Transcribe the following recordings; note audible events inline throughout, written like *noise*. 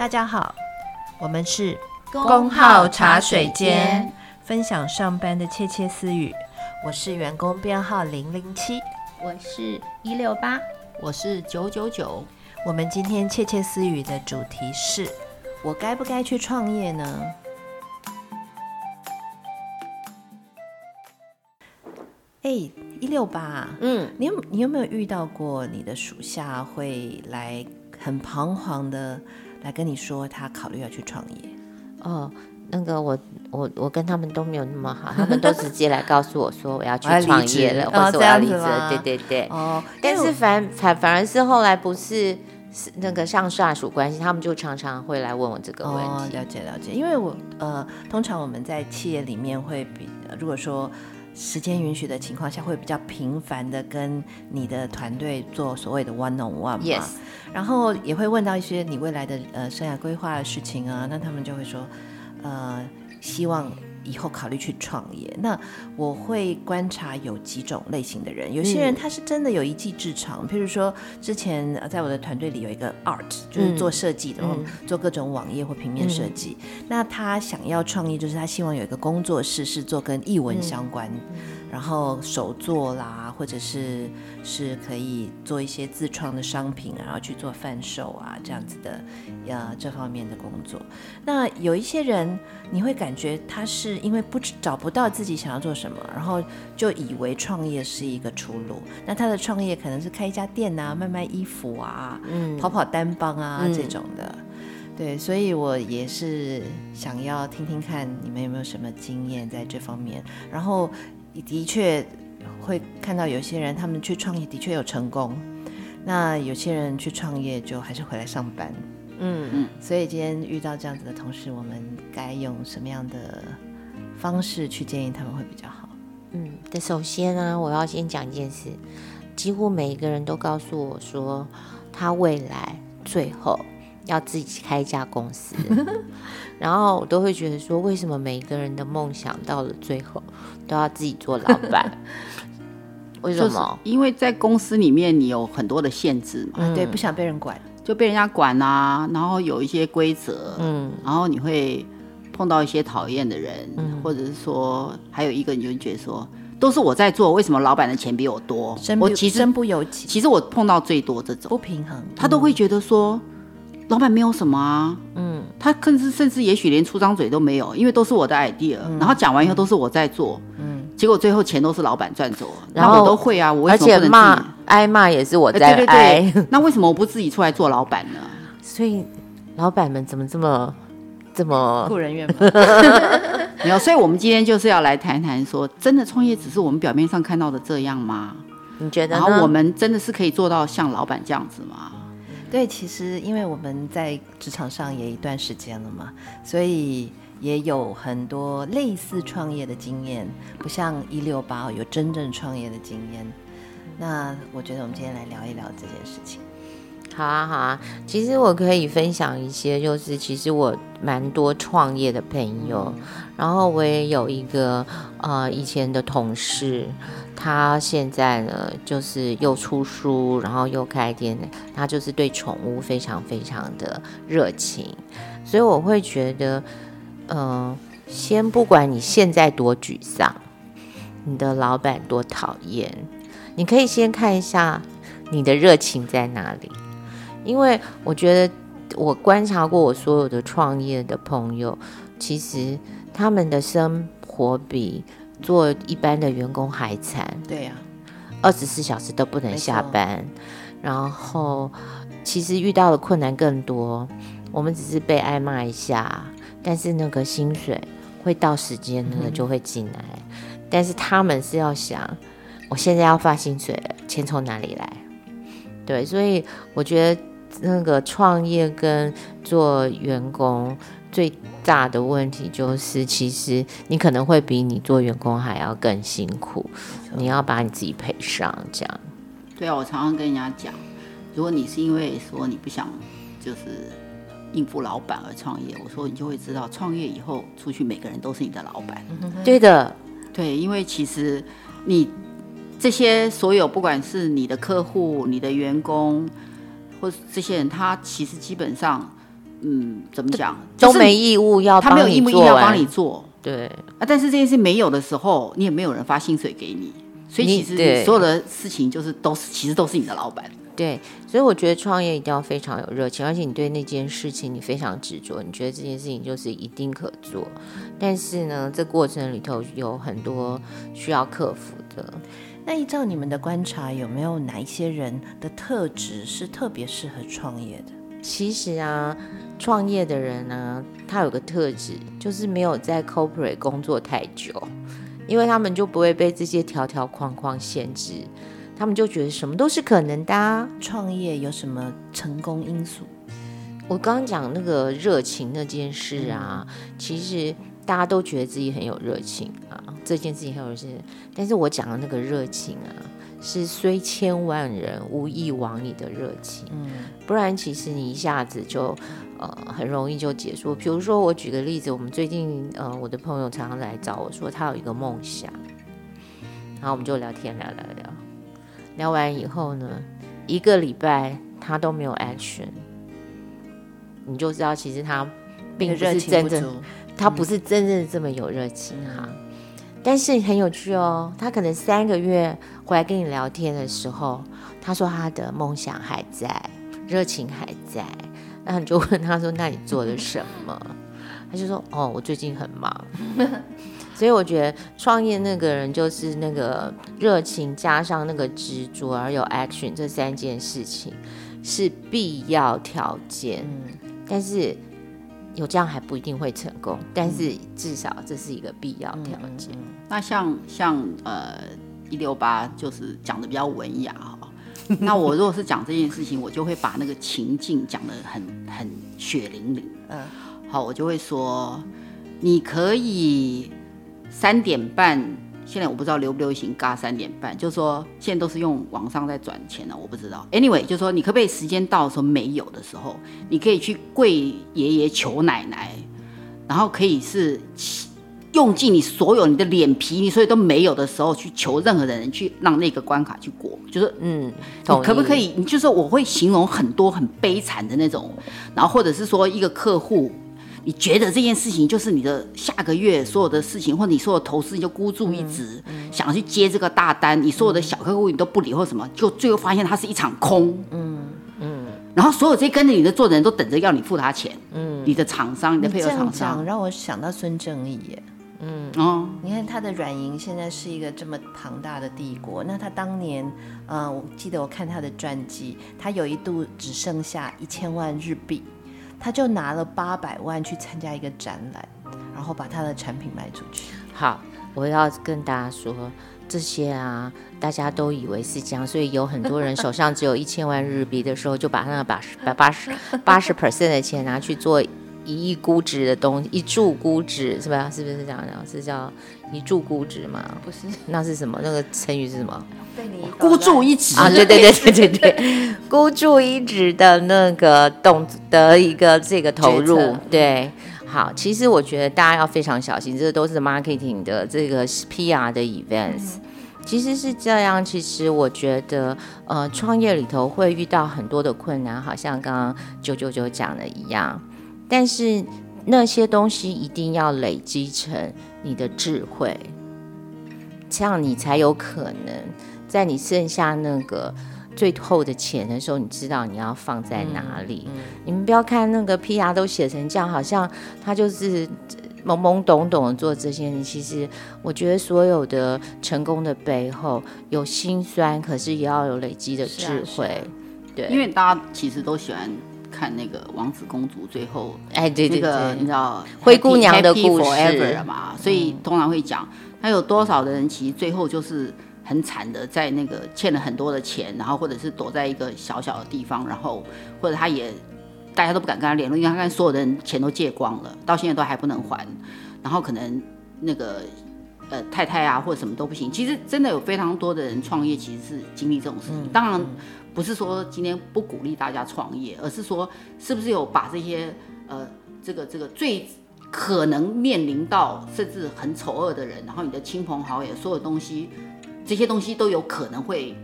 大家好，我們是工號茶水間，分享上班的竊竊私語。我是員工編號零零七，我是一六八，我是九九九。我們今天竊竊私語的主題是我該不該去創業呢？哎，一六八，嗯，你有你有沒有遇到過你的屬下會來很彷徨的？來跟你說，他考慮要去創業。哦，那個我我我跟他們都沒有那麼好，他們都直接來告訴我說我要去創業了，或者 *laughs* 我要離職，對對對，哦。但是反反為反而是後來不是是那個上下屬關係，他們就常常會來問我這個問題。哦，了解了解，因為我呃，通常我們在企業裡面會比如果說。時間允許的情況下，會比較頻繁的跟你的團隊做所謂的 one-on-one, yes, 然後也會問到一些你未來的呃生涯規劃的事情啊，那他們就會說，呃，希望。以後考慮去創業，那我會觀察有幾種類型的人。有些人他是真的有一技之長，譬、嗯、如說之前在我的團隊裡有一個 art，就是做設計的，嗯、做各種網頁或平面設計。嗯、那他想要創業，就是他希望有一個工作室是做跟藝文相關。嗯嗯然後手作啦，或者是是可以做一些自創的商品啊，然後去做販售啊這樣子的，呃、這方面的工作。那有一些人，你會感覺他是因為不知找不到自己想要做什麼，然後就以為創業是一個出路。那他的創業可能是開一家店啊，賣賣衣服啊，嗯，跑跑單幫啊，嗯，這種的。對，所以我也是想要聽聽看你們有沒有什麼經驗在這方面，然後。你的確會看到有些人，他們去創業的確有成功，那有些人去創業就還是回來上班，嗯嗯。所以今天遇到這樣子的同事，我們該用什麼樣的方式去建議他們會比較好？嗯，首先呢，我要先講一件事，幾乎每一個人都告訴我說，他未來最後。要自己開一家公司， *laughs* 然後我都會覺得說，為什麼每一個人的夢想到了最後都要自己做老闆？為什麼？因為在公司裡面你有很多的限制嘛，嗯、對，不想被人管，就被人家管啊。然後有一些規則，嗯，然後你會碰到一些討厭的人，嗯、或者是說，還有一個你就會覺得說，都是我在做，為什麼老闆的錢比我多？不我其實身不由己。其實我碰到最多這種不平衡，嗯、他都會覺得說。老闆沒有什麼啊，嗯，他甚至甚至也許連出張嘴都沒有，因為都是我的 idea，然後講完以後都是我在做，嗯，結果最後錢都是老闆賺走，然後我都會啊，我而且罵，挨罵也是我在挨，那為什麼我不自己出來做老闆呢？所以老闆們怎麼這麼這麼顧人怨嗎？然後，所以我們今天就是要來談談，說真的創業只是我們表面上看到的這樣嗎？你覺得？然後我們真的是可以做到像老闆這樣子嗎？對，其實因為我們在職場上也一段時間了嘛，所以也有很多類似創業的經驗，不像168有真正創業的經驗。那我覺得我們今天來聊一聊這件事情。好啊，好啊。其實我可以分享一些，就是其實我蠻多創業的朋友，然後我也有一個呃以前的同事。他現在呢，就是又出書，然後又開店。他就是對寵物非常非常的熱情，所以我會覺得，嗯、呃，先不管你現在多沮喪，你的老闆多討厭，你可以先看一下你的熱情在哪裡，因為我覺得我觀察過我所有的創業的朋友，其實他們的生活比做一般的員工還慘，對呀、啊，二十四小時都不能下班，錯然後其實遇到的困難更多，我們只是被挨罵一下，但是那個薪水會到時間呢，那個、嗯、哼就會進來。但是他們是要想，我現在要發薪水了，錢從哪裡來？對，所以我覺得那個創業跟做員工。最大的問題就是，其實你可能會比你做員工還要更辛苦，吧你要把你自己賠上，這樣。對啊，我常常跟人家講，如果你是因為說你不想就是應付老闆而創業，我說你就會知道，創業以後出去，每個人都是你的老闆。對的，對，因為其實你這些所有，不管是你的客戶、你的員工，或是這些人，他其實基本上。嗯，怎麼講？都沒義務要，他沒有義務、欸、要幫你做，對。啊，但是這件事沒有的時候，你也沒有人發薪水給你，所以其實你所有的事情就是都是，其實都是你的老闆。對，所以我覺得創業一定要非常有熱情，而且你對那件事情你非常執着，你覺得這件事情就是一定可做。但是呢，這過程裡頭有很多需要克服的。那依照你們的觀察，有沒有哪一些人的特質是特別適合創業的？其實啊。創業的人呢，他有個特質，就是沒有在 corporate 工作太久，因為他們就不會被這些條條框框限制，他們就覺得什麼都是可能的啊。創業有什麼成功因素？我剛剛講那個熱情那件事啊，嗯，其實大家都覺得自己很有熱情啊，這件事情很有熱情，但是我講的那個熱情啊。是雖千萬人，吾一往矣你的熱情。嗯、不然其實你一下子就，呃，很容易就結束。比如說，我舉個例子，我們最近，呃，我的朋友常常來找我說他有一個夢想，然後我們就聊天聊聊聊，聊完以後呢，一個禮拜他都沒有 action，你就知道其實他並不是真的，不嗯、他不是真正這麼有熱情哈、啊。嗯但是很有趣哦，他可能三個月回來跟你聊天的時候，他說他的夢想還在，熱情還在。那你就問他說：“那你做了什麼？”他就說：“哦，我最近很忙。” *laughs* 所以我覺得創業那個人就是那個熱情加上那個執着而有 action 這三件事情是必要條件，嗯、但是。有這樣還不一定會成功，但是至少這是一個必要條件。嗯、那像像呃一六八就是講得比較文雅哈， *laughs* 那我如果是講這件事情，我就會把那個情境講得很很血淋淋。嗯、呃，好，我就會說，你可以三點半。現在我不知道流不流行，嘎三點半，就是說現在都是用網上在轉錢了啊，我不知道。Anyway，就是說你可不可以時間到的時候沒有的時候，你可以去跪爺爺求奶奶，然後可以是用盡你所有你的臉皮，你所以都沒有的時候去求任何人去讓那個關卡去過，就是嗯，你可不可以？你就是我會形容很多很悲慘的那種，然後或者是說一個客戶。你覺得這件事情就是你的下個月所有的事情，或者你所有投資，你就孤注一擲，嗯嗯、想去接這個大單，你所有的小客戶你都不理，或什麼，嗯、就最後發現它是一場空。嗯嗯。嗯然後所有這些跟着你的做人都等着要你付他錢。嗯。你的廠商，你的配合廠商。想讓我想到孫正義耶。嗯。哦。你看他的軟銀現在是一個這麼龐大的帝國，那他當年，呃，我記得我看他的傳記，他有一度只剩下一千萬日幣。他就拿了八百萬去參加一個展覽，然後把他的產品賣出去。好，我要跟大家說這些啊，大家都以為是這樣，所以有很多人手上只有一千萬日幣的時候，就把那個八十、八十 percent 的錢拿去做。一億估值的東西，一注估值是吧？是不是這樣講？是叫一注估值嗎？不是，那是什麼？那個成語是什麼？被你孤注一擲。 *laughs* 啊，對對對對對對， *laughs* 孤注一擲的那個動的一個這個投入，決策，對，對。好，其實我覺得大家要非常小心，這都是 marketing 的這個 PR 的 events。嗯。其實是這樣，其實我覺得，呃，創業裡頭會遇到很多的困難，好像剛剛九九九講的一樣。但是那些東西一定要累積成你的智慧，這樣你才有可能在你剩下那個最後的錢的時候，你知道你要放在哪裡。嗯嗯、你們不要看那個 PR 都寫成這樣，好像他就是懵懵懂懂的做這些。其實我覺得所有的成功的背後有辛酸，可是也要有累積的智慧。啊啊、對，因為大家其實都喜歡。看那個王子公主最後，哎，這對對對、那個你知道灰姑娘的故事嘛？forever 嗯、所以通常會講，他有多少的人其實最後就是很慘的，在那個欠了很多的錢，然後或者是躲在一個小小的地方，然後或者他也大家都不敢跟他聯絡，因為他剛看所有的人錢都借光了，到現在都還不能還，然後可能那個呃太太啊或者什麼都不行。其實真的有非常多的人創業，其實是經歷這種事情，嗯、當然。嗯不是說今天不鼓勵大家創業，而是說是不是有把這些呃這個這個最可能面臨到甚至很醜惡的人，然後你的親朋好友所有東西，這些東西都有可能會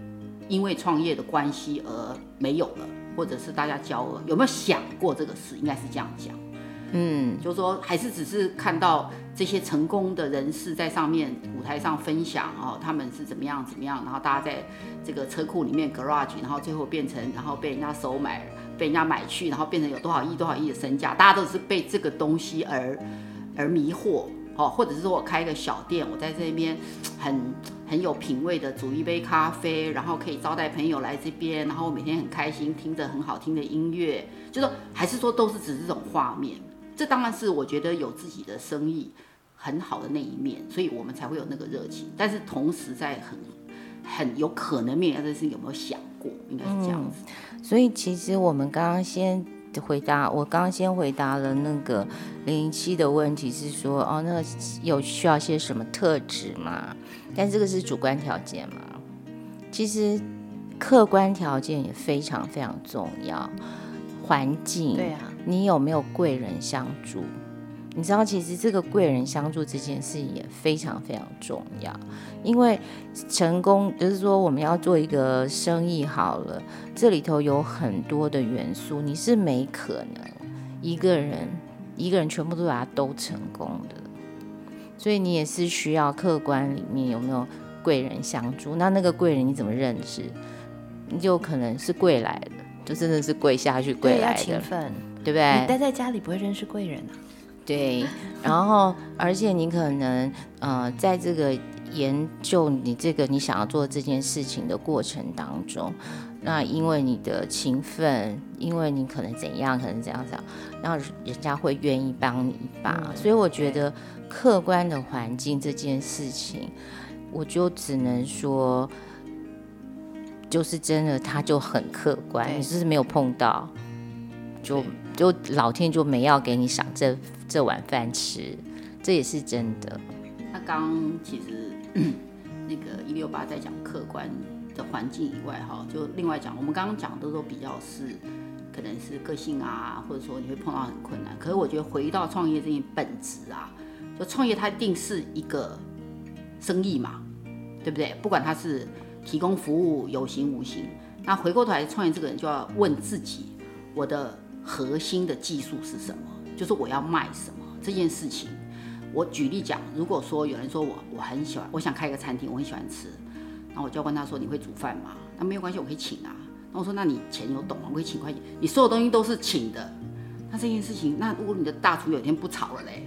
因為創業的關係而沒有了，或者是大家交惡。有沒有想過這個事？應該是這樣講。嗯，就說還是只是看到這些成功的人士在上面舞台上分享哦，他們是怎麼樣怎麼樣，然後大家在這個車庫裡面 garage，然後最後變成然後被人家收買，被人家買去，然後變成有多少億多少億的身價，大家都是被這個東西而而迷惑哦，或者是說我開一個小店，我在這邊很很有品味的煮一杯咖啡，然後可以招待朋友來這邊，然後我每天很開心，聽着很好聽的音樂，就說還是說都是只是這種畫面。這當然是我覺得有自己的生意很好的那一面，所以我們才會有那個熱情。但是同時在很很有可能面，但是有沒有想過應該是這樣子。嗯，所以其實我們剛剛先回答，我剛剛先回答了那個零零七的問題是說，哦，那個有需要些什麼特質嗎？但這個是主觀條件嘛？其實客觀條件也非常非常重要，環境對啊。你有沒有貴人相助？你知道，其實這個貴人相助這件事也非常非常重要，因為成功就是說我們要做一個生意好了，這裡頭有很多的元素，你是沒可能一個人一個人全部都把它都成功的，所以你也是需要客觀裡面有沒有貴人相助。那那個貴人你怎麼認識？你就可能是貴來的，就真的是跪下去跪來的。對不對？你待在家裡不會認識貴人啊。 *laughs* 對，然後而且你可能呃，在這個研究你這個你想要做這件事情的過程當中，嗯、那因為你的勤奮，因為你可能怎樣，可能怎樣怎樣，那人家會願意幫你一把。嗯、所以我覺得客觀的環境這件事情，對我就只能說，就是真的他就很客觀，對你是不是沒有碰到就。就老天就沒要給你賞這這碗飯吃，這也是真的。他剛其實那個一六八在講客觀的環境以外哈，就另外講，我們剛剛講的都比較是可能是個性啊，或者說你會碰到很困難。可是我覺得回到創業這件本質啊，就創業它一定是一個生意嘛，對不對？不管它是提供服務有形無形，那回過頭來，創業這個人就要問自己，我的。核心的技術是什麼？就是我要賣什麼這件事情。我舉例講，如果說有人說我我很喜歡，我想開一個餐廳，我很喜歡吃，那我就要問他說，你會煮飯嗎？那沒有關係，我可以請啊。那我說，那你錢有懂嗎？我可以請快遞，你所有東西都是請的。那這件事情，那如果你的大廚有一天不炒了嘞？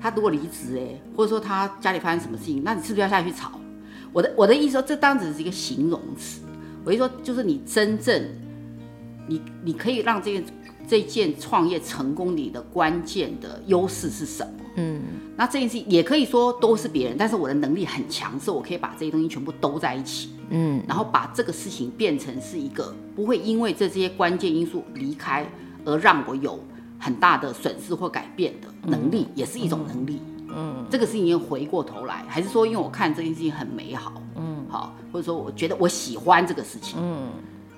他如果離職哎、欸，或者說他家裡發生什麼事情，那你是不是要下去炒？我的我的意思說，這當時是一個形容詞。我就說就是你真正。你你可以讓這件這件創業成功，你的關鍵的優勢是什麼？嗯，那這件事也可以說都是別人，但是我的能力很強，是我可以把這些東西全部兜在一起，嗯，然後把這個事情變成是一個不會因為這些關鍵因素離開而讓我有很大的損失或改變的能力，嗯，也是一種能力。嗯，嗯這個事情回過頭來，還是說因為我看這件事情很美好，嗯，好，哦，或者說我覺得我喜歡這個事情，嗯，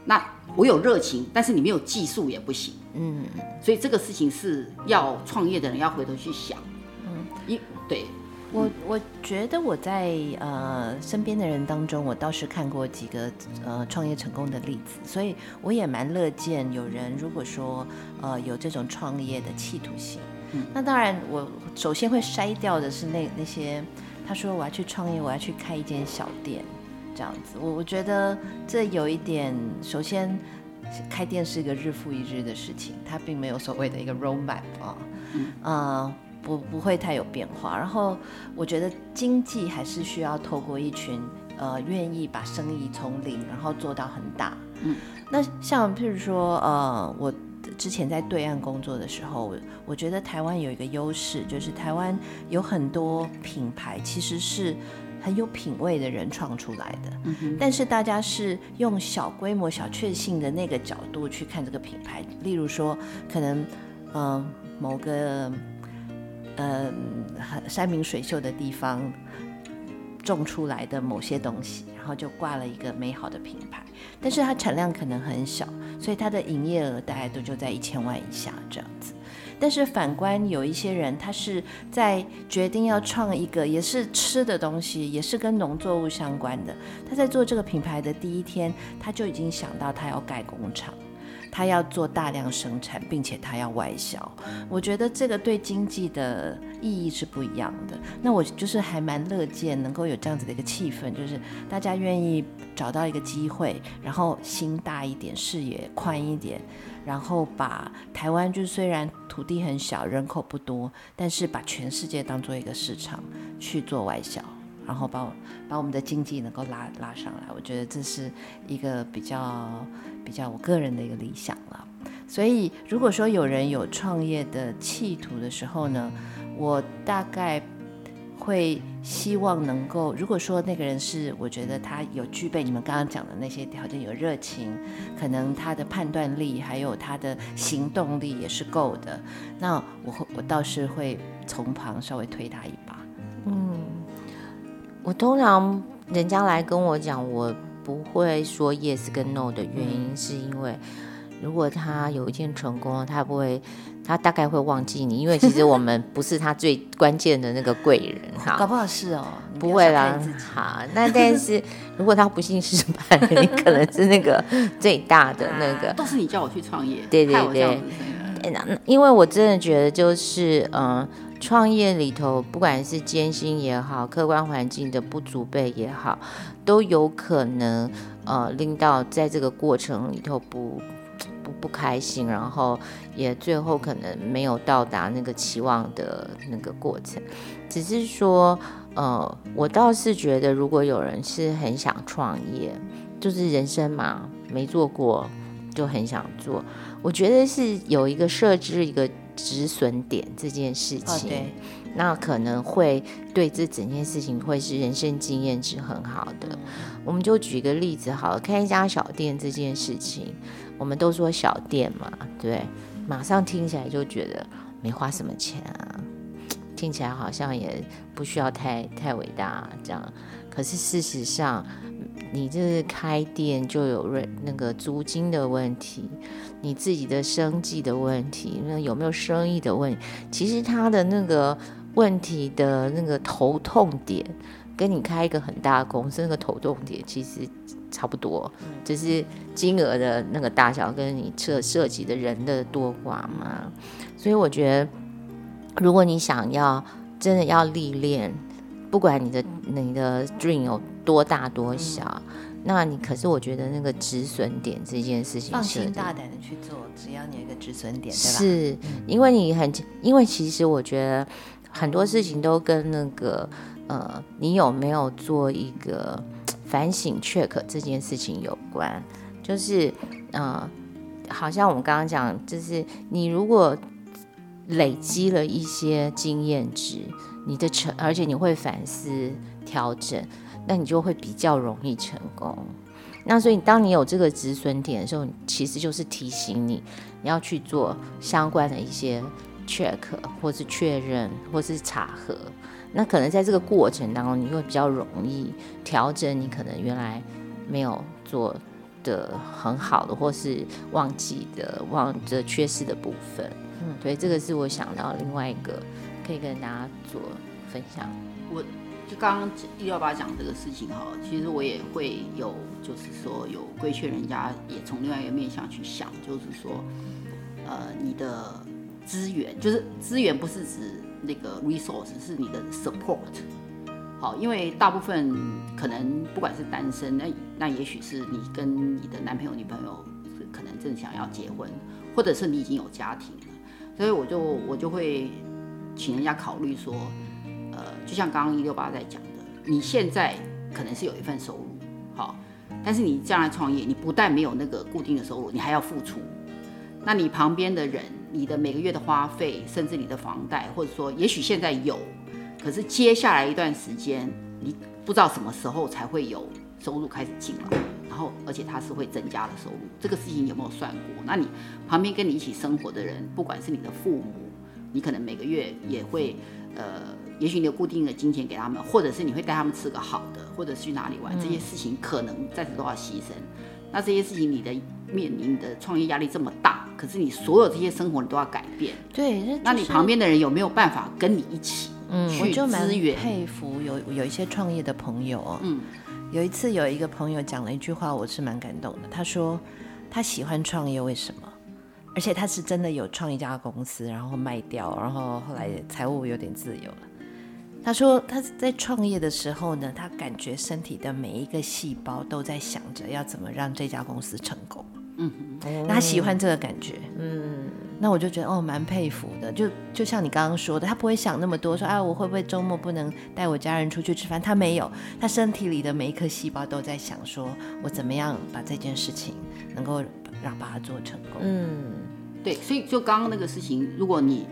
那。我有熱情，但是你沒有技術也不行。嗯，所以這個事情是要創業的人要回頭去想。嗯，一對我我覺得我在呃身邊的人當中，我倒是看過幾個呃創業成功的例子，所以我也蠻樂見有人如果說呃有這種創業的企圖心。嗯，那當然我首先會篩掉的是那那些他說我要去創業，我要去開一間小店。這樣子，我我覺得這有一點，首先開店是一個日復一日的事情，它並沒有所謂的一個 roadmap 啊，嗯，不不會太有變化。然後我覺得經濟還是需要透過一群呃願意把生意從零然後做到很大，嗯，那像譬如說呃，我之前在對岸工作的時候，我覺得台灣有一個優勢，就是台灣有很多品牌其實是。很有品味的人創出來的，嗯、哼但是大家是用小規模、小確幸的那個角度去看這個品牌。例如說，可能嗯、呃、某個呃很山明水秀的地方種出來的某些東西，然後就掛了一個美好的品牌，但是它產量可能很小，所以它的營業額大概都就在一千萬以下這樣子。但是反觀有一些人，他是在決定要創一個也是吃的東西，也是跟農作物相關的。他在做這個品牌的第一天，他就已經想到他要蓋工廠，他要做大量生產，並且他要外銷。我覺得這個對經濟的意義是不一樣的。那我就是還蠻樂見能夠有這樣子的一個氣氛，就是大家願意找到一個機會，然後心大一點，視野寬一點。然後把台灣，就雖然土地很小，人口不多，但是把全世界當做一個市場去做外銷，然後把我把我們的經濟能夠拉拉上來我覺得這是一個比較比較我個人的一個理想了。所以如果說有人有創業的企圖的時候呢，我大概。會希望能夠，如果說那個人是我覺得他有具備你們剛剛講的那些條件，有熱情，可能他的判斷力還有他的行動力也是夠的，那我會我倒是會從旁稍微推他一把。嗯，我通常人家來跟我講，我不會說 yes 跟 no 的原因，嗯，是因為。如果他有一天成功了，他不會，他大概會忘記你，因為其實我們不是他最關鍵的那個貴人哈。好，搞不好是哦，不會啦。好，那但是 *laughs* 如果他不幸失敗，你可能是那個最大的那個、啊。都是你叫我去創業，對對對，對。因為我真的覺得就是，嗯、呃，創業裡頭不管是艱辛也好，客觀環境的不具備也好，都有可能，呃，令到在這個過程裡頭不。開心，然後也最後可能沒有到達那個期望的那個過程，只是說，呃，我倒是覺得，如果有人是很想創業，就是人生嘛，沒做過就很想做，我覺得是有一個設置一個止損點這件事情，哦、那可能會對這整件事情會是人生經驗值很好的。嗯、我們就舉一個例子好了，好，開一家小店這件事情。我們都說小店嘛，對，馬上聽起來就覺得沒花什麼錢啊，聽起來好像也不需要太太偉大啊，這樣。可是事實上，你這是開店就有那個租金的問題，你自己的生計的問題，那有沒有生意的問題？其實他的那個問題的那個頭痛點，跟你開一個很大的公司那個頭痛點，其實。差不多，只、就是金額的那個大小跟你涉涉及的人的多寡嘛。所以我覺得，如果你想要真的要歷練，不管你的你的 dream 有多大多小，嗯、那你可是我覺得那個止損點這件事情放心大膽的去做，只要你有一個止損點，對吧？是，因為你很，因為其實我覺得很多事情都跟那個呃，你有沒有做一個。反省 check 這件事情有關，就是，呃，好像我們剛剛講，就是你如果累積了一些經驗值，你的成，而且你會反思調整，那你就會比較容易成功。那所以，當你有這個止損點的時候，其實就是提醒你，你要去做相關的一些 check，或是確認，或是查核。那可能在這個過程當中，你會比較容易調整你可能原來沒有做得很好的，或是忘記的、忘的缺失的部分，嗯。嗯，所以這個是我想到另外一個可以跟大家做分享。我就剛剛一六八講這個事情哈，其實我也會有，就是說有規勸人家，也從另外一個面向去想，就是說，呃，你的資源，就是資源不是指。那個 resource 是你的 support，好，因為大部分可能不管是單身，那那也許是你跟你的男朋友、女朋友可能正想要結婚，或者是你已經有家庭了，所以我就我就會請人家考慮說，呃，就像剛剛一六八在講的，你現在可能是有一份收入，好，但是你這樣來創業，你不但沒有那個固定的收入，你還要付出，那你旁邊的人。你的每個月的花費，甚至你的房貸，或者說，也許現在有，可是接下來一段時間，你不知道什麼時候才會有收入開始進來，然後，而且它是會增加的收入，這個事情你有沒有算過？那你旁邊跟你一起生活的人，不管是你的父母，你可能每個月也會，呃，也許你有固定的金錢給他們，或者是你會帶他們吃個好的，或者去哪裡玩，嗯、這些事情可能暫時都要犧牲。那這些事情，你的面臨的創業壓力這麼大？可是你所有這些生活你都要改變，對。那，就是，那你旁邊的人有沒有辦法跟你一起？嗯，我就蠻佩服有有一些創業的朋友哦。嗯，有一次有一個朋友講了一句話，我是蠻感動的。他說他喜歡創業，為什麼？而且他是真的有創一家公司，然後賣掉，然後後來財務有點自由了。他說他在創業的時候呢，他感覺身體的每一個細胞都在想着要怎麼讓這家公司成功。嗯，那他喜歡這個感覺。嗯，那我就覺得哦，蠻佩服的。就就像你剛剛說的，他不會想那麼多，說啊，我會不會週末不能帶我家人出去吃飯？他沒有，他身體裡的每一顆細胞都在想，說我怎麼樣把這件事情能夠讓把它做成功。嗯，對，所以就剛剛那個事情，如果你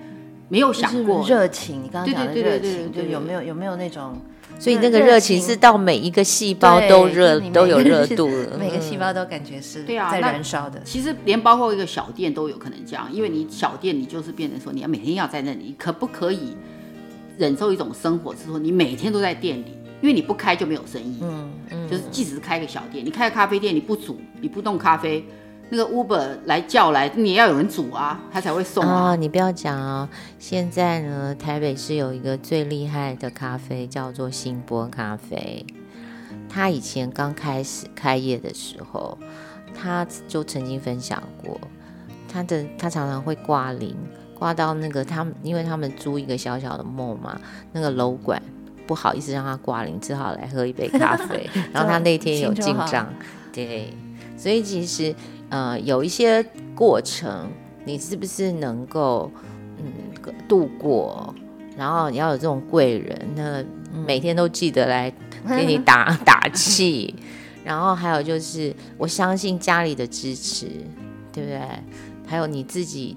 沒有想過熱情，你剛剛講的熱情，就有沒有有沒有那種？所以那個熱情,、嗯、熱情是到每一個細胞都熱，都有熱度了。每個細胞都感覺是，在燃燒的。嗯、對啊、其實連包括一個小店都有可能這樣，因為你小店你就是變成說你要每天要在那裡，可不可以忍受一種生活之，是說你每天都在店裡，因為你不開就沒有生意。嗯嗯，嗯就是即使是開個小店，你開個咖啡店，你不煮，你不弄咖啡。那個 Uber 來叫來，你也要有人煮啊，他才會送啊。哦、你不要講啊、哦！現在呢，台北市有一個最厲害的咖啡，叫做星波咖啡。他以前剛開始開業的時候，他就曾經分享過，他的他常常會掛零，掛到那個他們，因為他們租一個小小的 mall 嘛，那個樓管不好意思讓他掛零，只好來喝一杯咖啡。 *laughs* 然後他那天有進賬，對，所以其實。呃，有一些過程，你是不是能夠嗯度過？然後你要有這種貴人，那每天都記得來給你打打氣。 *laughs* 然後還有就是，我相信家裡的支持，對不對？還有你自己。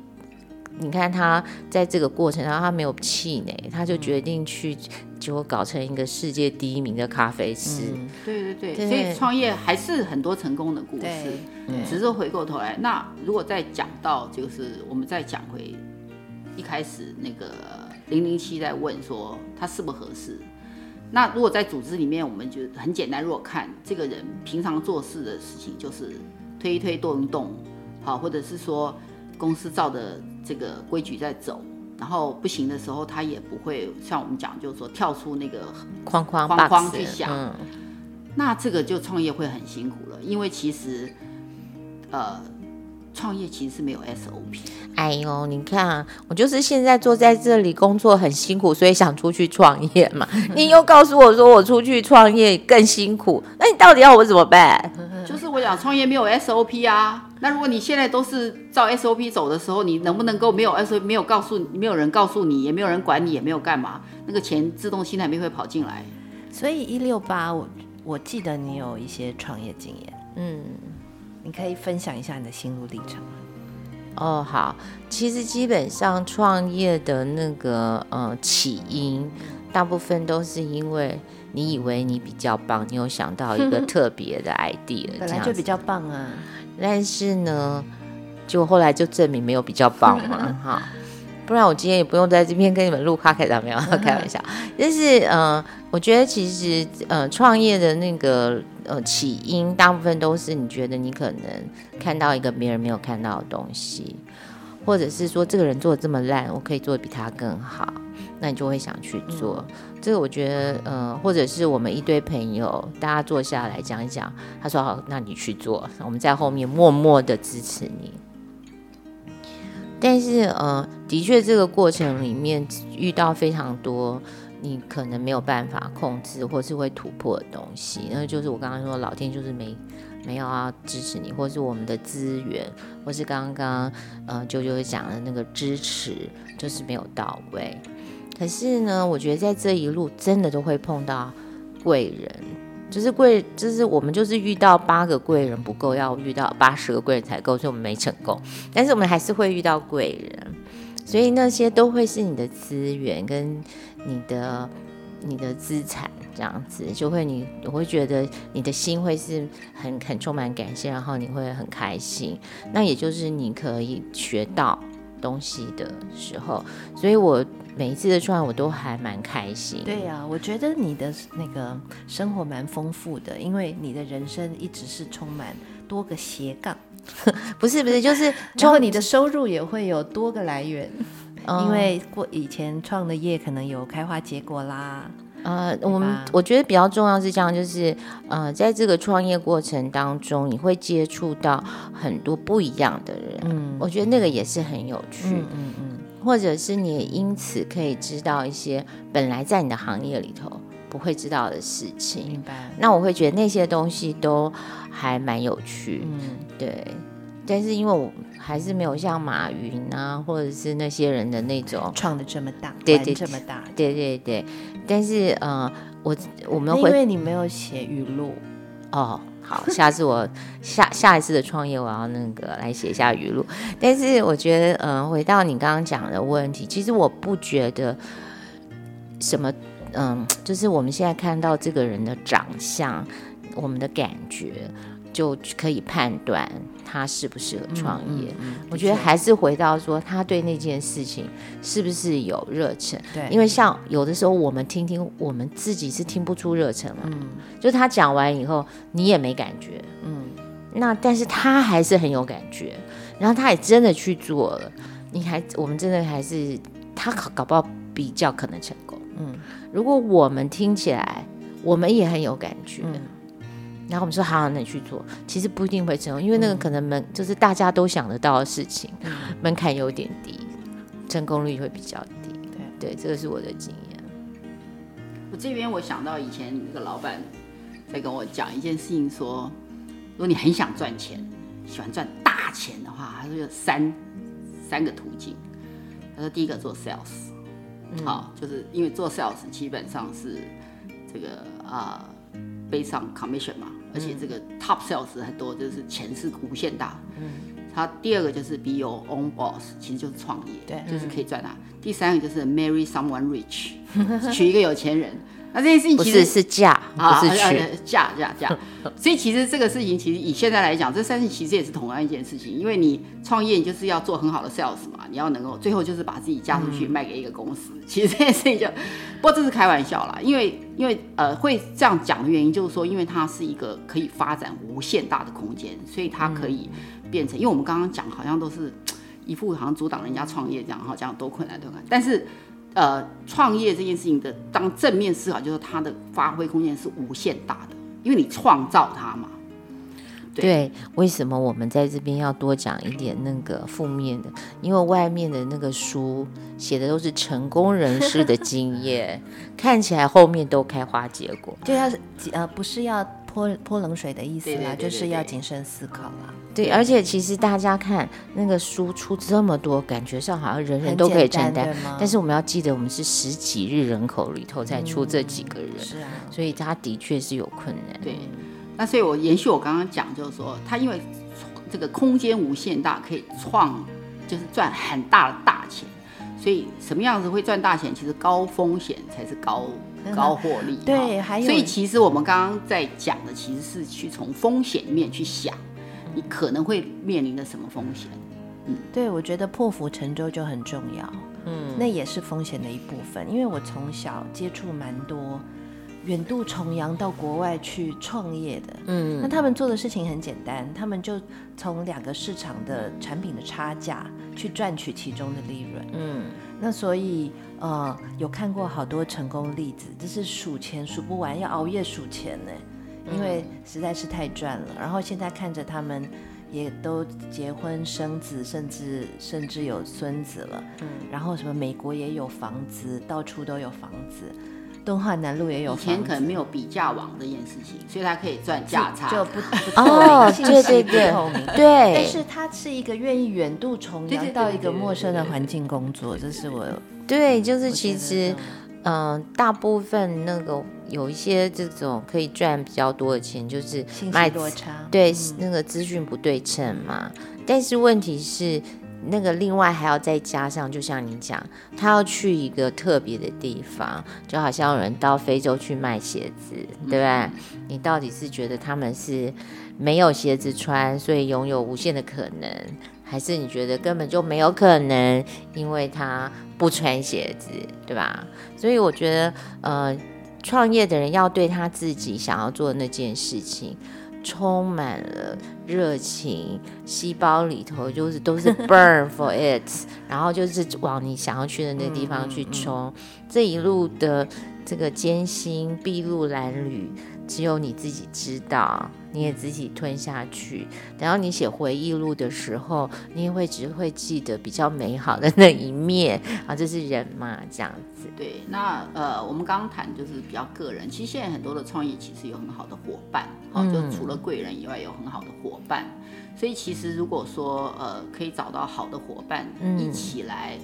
你看他在這個過程中，他沒有氣餒，他就決定去，結果搞成一個世界第一名的咖啡師。嗯、對對對，對所以創業還是很多成功的故事。對只是回過頭來，那如果再講到，就是我們再講回一開始那個零零七在問說他是不合適？那如果在組織裡面，我們就很簡單，如果看這個人平常做事的事情，就是推一推、動一動，好，或者是說公司造的。這個規矩在走，然後不行的時候，他也不會像我們講，就是說跳出那個框框、框框，框框去想。嗯，那這個就創業會很辛苦了，因為其實，呃。創業其實是沒有 SOP。哎呦，你看啊，我就是現在坐在這裡工作很辛苦，所以想出去創業嘛。你又告訴我說我出去創業更辛苦，那你到底要我怎麼辦？就是我想創業沒有 SOP 啊。那如果你現在都是照 SOP 走的時候，你能不能夠沒有 SOP，沒有告訴沒有人告訴你，也沒有人管你，也沒有幹嘛，那個錢自動心態沒會跑進來？所以一六八，我我記得你有一些創業經驗，嗯。你可以分享一下你的心路歷程。哦，好，其實基本上創業的那個呃起因，大部分都是因為你以為你比較棒，你有想到一個特別的 idea， *laughs* 本來就比較棒啊。但是呢，結果後來就證明沒有比較棒嘛。哈， *laughs* 不然我今天也不用在這邊跟你們錄卡克大喵。開玩笑，開玩笑 *laughs* 但是嗯、呃，我覺得其實呃創業的那個。呃，起因大部分都是你覺得你可能看到一個別人沒有看到的東西，或者是說這個人做的這麼爛，我可以做的比他更好，那你就會想去做。嗯、這個我覺得，呃，或者是我們一堆朋友，大家坐下來講一講，他說好，那你去做，我們在後面默默地支持你。但是，呃，的確這個過程裡面遇到非常多。你可能沒有辦法控制，或是會突破的東西，那就是我剛剛說，老天就是沒，沒有要支持你，或是我們的資源，或是剛剛，呃，舅舅講的那個支持，就是沒有到位。可是呢，我覺得在這一路真的都會碰到貴人，就是貴，就是我們就是遇到八個貴人不夠，要遇到八十個貴人才夠，所以我們沒成功。但是我們還是會遇到貴人，所以那些都會是你的資源跟。你的你的資產這樣子，就會你我會覺得你的心會是很很充滿感謝，然後你會很開心。那也就是你可以學到東西的時候，所以我每一次的狀態我都還蠻開心。對啊，我覺得你的那個生活蠻豐富的，因為你的人生一直是充滿多個斜槓， *laughs* 不是不是，就是然後你的收入也會有多個來源。因為過以前創的業可能有開花結果啦，呃，對吧？我們我覺得比較重要是這樣，就是呃，在這個創業過程當中，你會接觸到很多不一樣的人，嗯，我覺得那個也是很有趣，嗯嗯、嗯、嗯，或者是你也因此可以知道一些本來在你的行業裡頭不會知道的事情，明白？那我會覺得那些東西都還蠻有趣，嗯，對。但是因為我還是沒有像馬雲啊，或者是那些人的那種創的這麼大，對對，這麼大，對對對。但是呃，我我們回、嗯、因為你沒有寫語錄。哦，好，下次我下下一次的創業，我要那個來寫一下語錄。 *laughs* 但是我覺得呃，回到你剛剛講的問題，其實我不覺得什麼，嗯、呃，就是我們現在看到這個人的長相，我們的感覺就可以判斷。他適不適合創業？嗯，我覺得還是回到說，他對那件事情是不是有熱忱？對，因為像有的時候我們聽聽，我們自己是聽不出熱忱來。嗯，就他講完以後，你也沒感覺。嗯，那但是他還是很有感覺，然後他也真的去做了。你還我們真的還是他搞搞不好比較可能成功。嗯，如果我們聽起來，我們也很有感覺。嗯然後我們說好，好，那你去做。其實不一定會成功，因為那個可能門、嗯、就是大家都想得到的事情，嗯、門檻有點低，成功率會比較低。對對，對，這個是我的經驗。我這邊我想到以前那個老闆在跟我講一件事情說，說如果你很想賺錢，喜歡賺大錢的話，他說有三三個途徑。他說第一個做 sales，好，嗯哦，就是因為做 sales 基本上是這個啊 based on commission 嘛。而且這個 top sales 很多，嗯、就是錢是無限大。他，嗯、第二個就是 be your own boss，其實就是創業，對，就是可以賺啊。嗯、第三個就是 marry someone rich，娶 *laughs* 一個有錢人。那這件事情其實是嫁、啊啊，啊，是娶嫁嫁嫁，所以其實這個事情其實以現在來講，這三件其實也是同樣一件事情，因為你創業，你就是要做很好的 sales 嘛，你要能夠最後就是把自己嫁出去，嗯、賣給一個公司。其實這件事情就，不過這是開玩笑啦，因為因為呃會這樣講的原因就是說，因為它是一個可以發展無限大的空間，所以它可以變成，嗯、因為我們剛剛講好像都是一副好像阻擋人家創業這樣，好像多困難多，困難，多困難，但是。呃，創業這件事情的，當正面思考就是它的發揮空間是無限大的，因為你創造它嘛。對，對，為什麼我們在這邊要多講一點那個負面的？因為外面的那個書寫的都是成功人士的經驗， *laughs* 看起來後面都開花結果，對啊，呃不是要。潑潑冷水的意思啦，對對對對對，就是要謹慎思考啦。對，而且其實大家看那個輸出這麼多，感覺上好像人人都可以承擔嗎，但是我們要記得，我們是十幾億人口裡頭才出這幾個人，嗯，是啊，所以他的確是有困難。對，那所以我延續我剛剛講，就是說他因為這個空間無限大，可以創就是賺很大的大錢，所以什麼樣子會賺大錢？其實高風險才是高。高獲利、嗯啊、對，還有，所以其實我們剛剛在講的，其實是去從風險面去想，你可能會面臨的什麼風險。嗯，對我覺得破釜沉舟就很重要。嗯，那也是風險的一部分，因為我從小接觸蠻多遠渡重洋到國外去創業的。嗯，那他們做的事情很簡單，他們就從兩個市場的產品的差價去賺取其中的利潤。嗯，那所以。呃、嗯，有看過好多成功例子，就是數錢數不完，要熬夜數錢呢，因為實在是太賺了。然後現在看着他們，也都結婚生子，甚至甚至有孫子了。嗯，然後什麼美國也有房子，到處都有房子。敦化南路也有，以前可能沒有比價網這件事情，所以他可以賺價差，是就不不透明，信、 *laughs* 哦、對，對，對。但是他是一個願意遠渡重洋，到一個陌生的環境工作，對對對對對，這是我。對，對，對，對，對，對，就是其實，嗯、呃，大部分那個有一些這種可以賺比較多的錢，就是賣信多差，對，嗯、那個資訊不對稱嘛。但是問題是。那個另外還要再加上，就像你講，他要去一個特別的地方，就好像有人到非洲去賣鞋子，對吧？你到底是覺得他們是沒有鞋子穿，所以擁有無限的可能，還是你覺得根本就沒有可能，因為他不穿鞋子，對吧？所以我覺得，呃，創業的人要對他自己想要做的那件事情。充滿了熱情，細胞裡頭就是都是 burn for it， *laughs* 然後就是往你想要去的那地方去衝，嗯嗯嗯、這一路的這個艱辛、篳路藍縷，只有你自己知道。你也自己吞下去，等到你寫回憶錄的時候，你也會只會記得比較美好的那一面啊，這，就是人嘛這樣子。對，那呃，我們剛剛談就是比較個人，其實現在很多的創業其實有很好的夥伴，好，哦，就除了貴人以外有很好的夥伴，所以其實如果說呃，可以找到好的夥伴，嗯、一起來。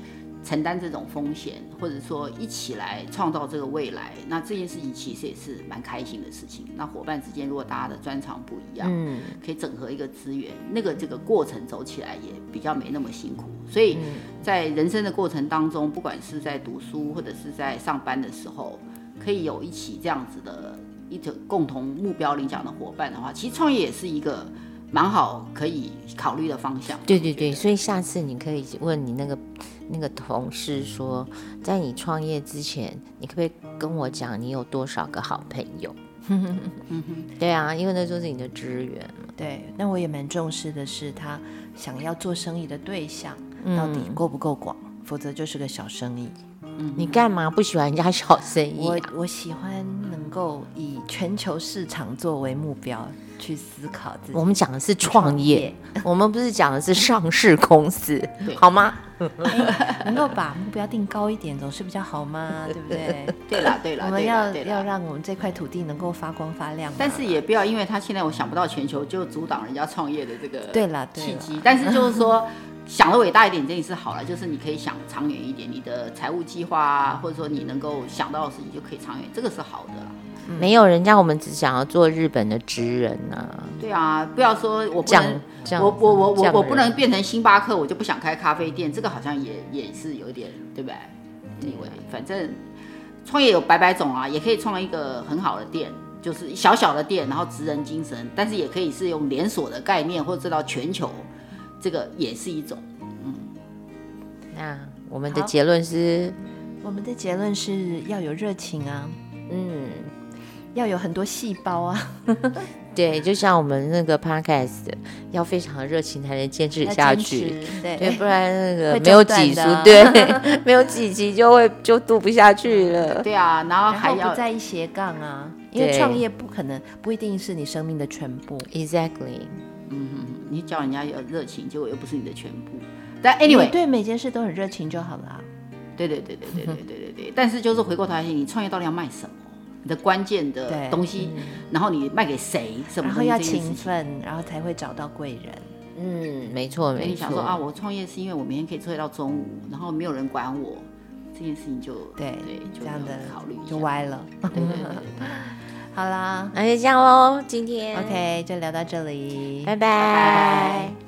承擔這種風險，或者說一起來創造這個未來，那這件事情其實也是蠻開心的事情。那夥伴之間，如果大家的專長不一樣，嗯，可以整合一個資源，那個這個過程走起來也比較沒那麼辛苦。所以在人生的過程當中，嗯，不管是在讀書或者是在上班的時候，可以有一起這樣子的一種共同目標領獎的夥伴的話，其實創業也是一個蠻好可以考慮的方向。對對對，對的，所以下次你可以問你那個。那個同事說，在你創業之前，你可不可以跟我講你有多少個好朋友？ *laughs* 對啊，因為那就是你的資源。對，那我也蠻重視的是，他想要做生意的對象，嗯，到底夠不夠廣，否則就是個小生意。你幹嘛不喜歡人家小生意啊？我我喜歡。能夠以全球市場作為目標去思考自己，我們講的是創業，創業 *laughs* 我們不是講的是上市公司，對好嗎？哎、 *laughs* 能夠把目標定高一點，總是比較好嗎？對不對？對啦，對啦。我們要要讓我們這塊土地能夠發光發亮，但是也不要因為他現在我想不到全球就阻擋人家創業的這個對啦契機，但是就是說。 *laughs* 想得偉大一點，這也是好了，就是你可以想長遠一點，你的財務計劃啊，或者說你能夠想到的事情就可以長遠，這個是好的、嗯、沒有人家，我們只想要做日本的職人吶、啊。對啊，不要說我不能我我我我不能變成星巴克，我就不想開咖啡店，這個好像也也是有點，對不對？因為反正創業有百百種啊，也可以創一個很好的店，就是小小的店，然後職人精神，但是也可以是用連鎖的概念，或者做到全球。這個也是一種，嗯。那我們的結論是，我們的結論是要有熱情啊，嗯，嗯，要有很多細胞啊。 *laughs* 對，就像我們那個 podcast，要非常的熱情才能堅持下去，對，對哎、不然那個沒有幾集，啊、對， *laughs* 沒有幾集就會就度不下去了。對啊，然後還要後不在意斜槓啊，對因為創業不可能不一定是你生命的全部，exactly。你教人家要熱情，結果又不是你的全部。但 anyway，對每件事都很熱情就好了。對對對對對對對對但是就是回過頭來，你創業到底要賣什麼？你的關鍵的東西，然後你賣給誰？然後要勤奮，然後才會找到貴人。嗯，沒錯沒錯。你想說啊，我創業是因為我每天可以做到中午，然後沒有人管我，這件事情就對對，這樣的考慮就歪了。對好啦，嗯、那就這樣嘍。今天 OK，就聊到這裡，拜拜 bye。Bye bye